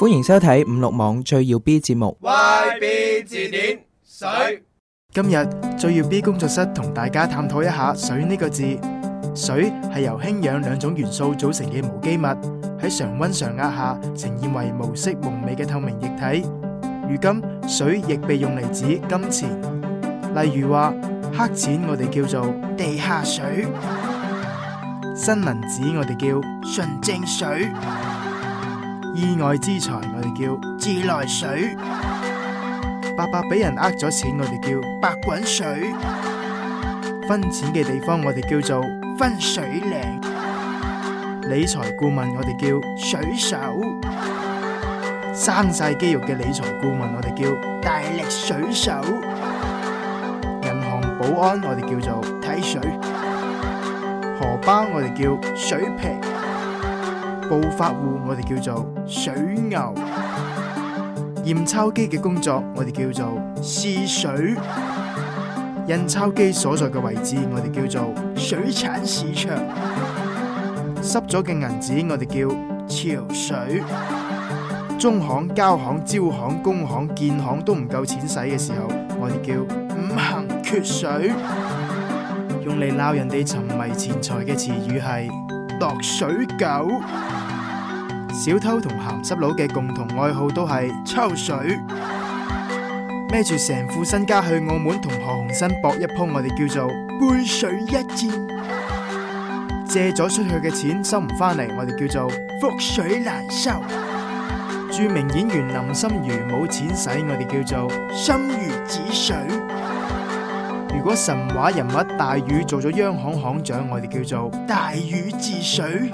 歡迎收睇五六網最耀 B 節目。YB 字典，水。今日最耀 B 工作室同大家探討一下水呢個字。水係由氫氧兩種元素組成嘅無機物，喺常溫常壓下呈現為無色無味嘅透明液體。如今水亦被用嚟指金錢，例如話黑錢，我哋叫做地下水。新聞紙我哋叫純淨水，意外之財我哋叫自來水，白白俾人呃咗錢我哋叫白滾水，分錢嘅地方我哋叫做分水嶺，理財顧問我哋叫水手，生晒肌肉嘅理財顧問我哋叫大力水手，銀行保安我哋叫做睇水。荷包我哋叫水瓶，暴發戶我哋叫做水牛，驗鈔機嘅工作我哋叫做試水，印鈔機所在嘅位置我哋叫做水產市場，濕咗嘅銀紙我哋叫潮水，中行、交行、招行、工行、建行都唔夠錢使嘅時候，我哋叫五行缺水。用嚟鬧人哋沉迷錢財嘅詞語係度水狗。小偷同咸濕佬嘅共同愛好都係抽水。孭住成副身家去澳門同何鴻燊搏一鋪，我哋叫做背水一戰。借咗出去嘅錢收唔返嚟，我哋叫做覆水難收。著名演員林心如冇錢使，我哋叫做心如止水。如果神話人物大禹做咗央行行長，我哋叫做大禹治水；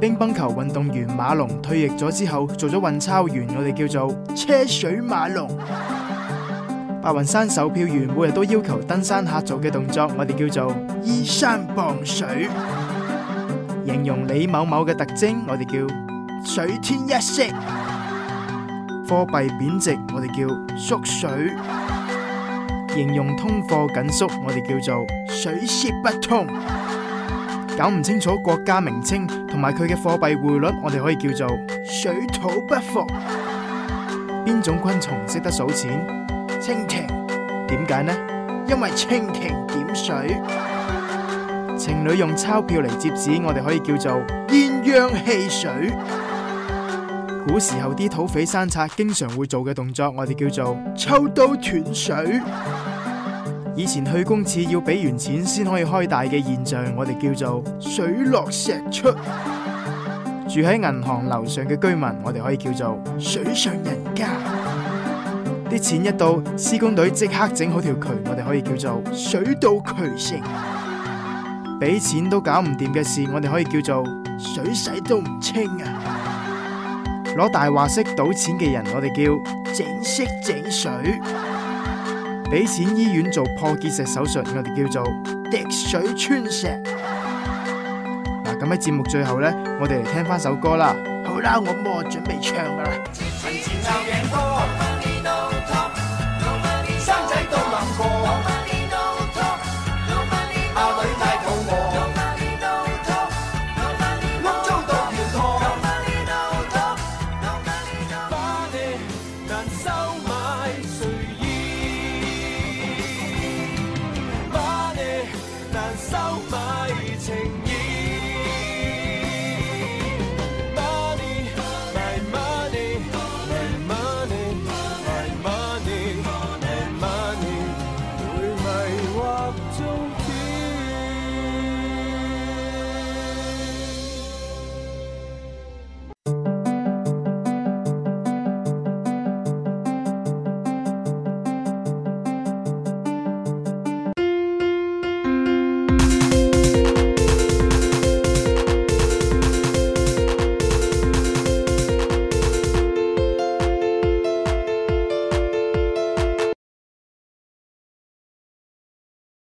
乒乓球運動員馬龍退役咗之後做咗運鈔員，我哋叫做車水馬龍；白雲山售票員每日都要求登山客做嘅動作，我哋叫做依山傍水；形容李某某嘅特徵，我哋叫水天一色；貨幣貶值，我哋叫縮水。形容通貨緊縮，我哋叫做水泄不通；搞唔清楚國家名稱同埋佢嘅貨幣匯率，我哋可以叫做水土不服。邊種昆蟲識得數錢？蜻蜓。點解呢？因為蜻蜓點水。情侶用鈔票嚟接紙，我哋可以叫做鴛鴦戲水。古時候啲土匪山賊經常會做嘅動作，我哋叫做抽刀斷水。以前去公廁要俾完錢先可以開大嘅現象，我哋叫做水落石出。住喺銀行樓上嘅居民，我哋可以叫做水上人家。啲錢一到，施工隊即刻整好條渠，我哋可以叫做水到渠成。俾錢都搞唔掂嘅事，我哋可以叫做水洗都唔清啊！攞大話式賭錢嘅人，我哋叫整色整水；俾錢醫院做破結石手術，我哋叫做滴水穿石。嗱，咁喺節目最後咧，我哋嚟聽翻首歌啦。好啦，我我準備唱啦。前前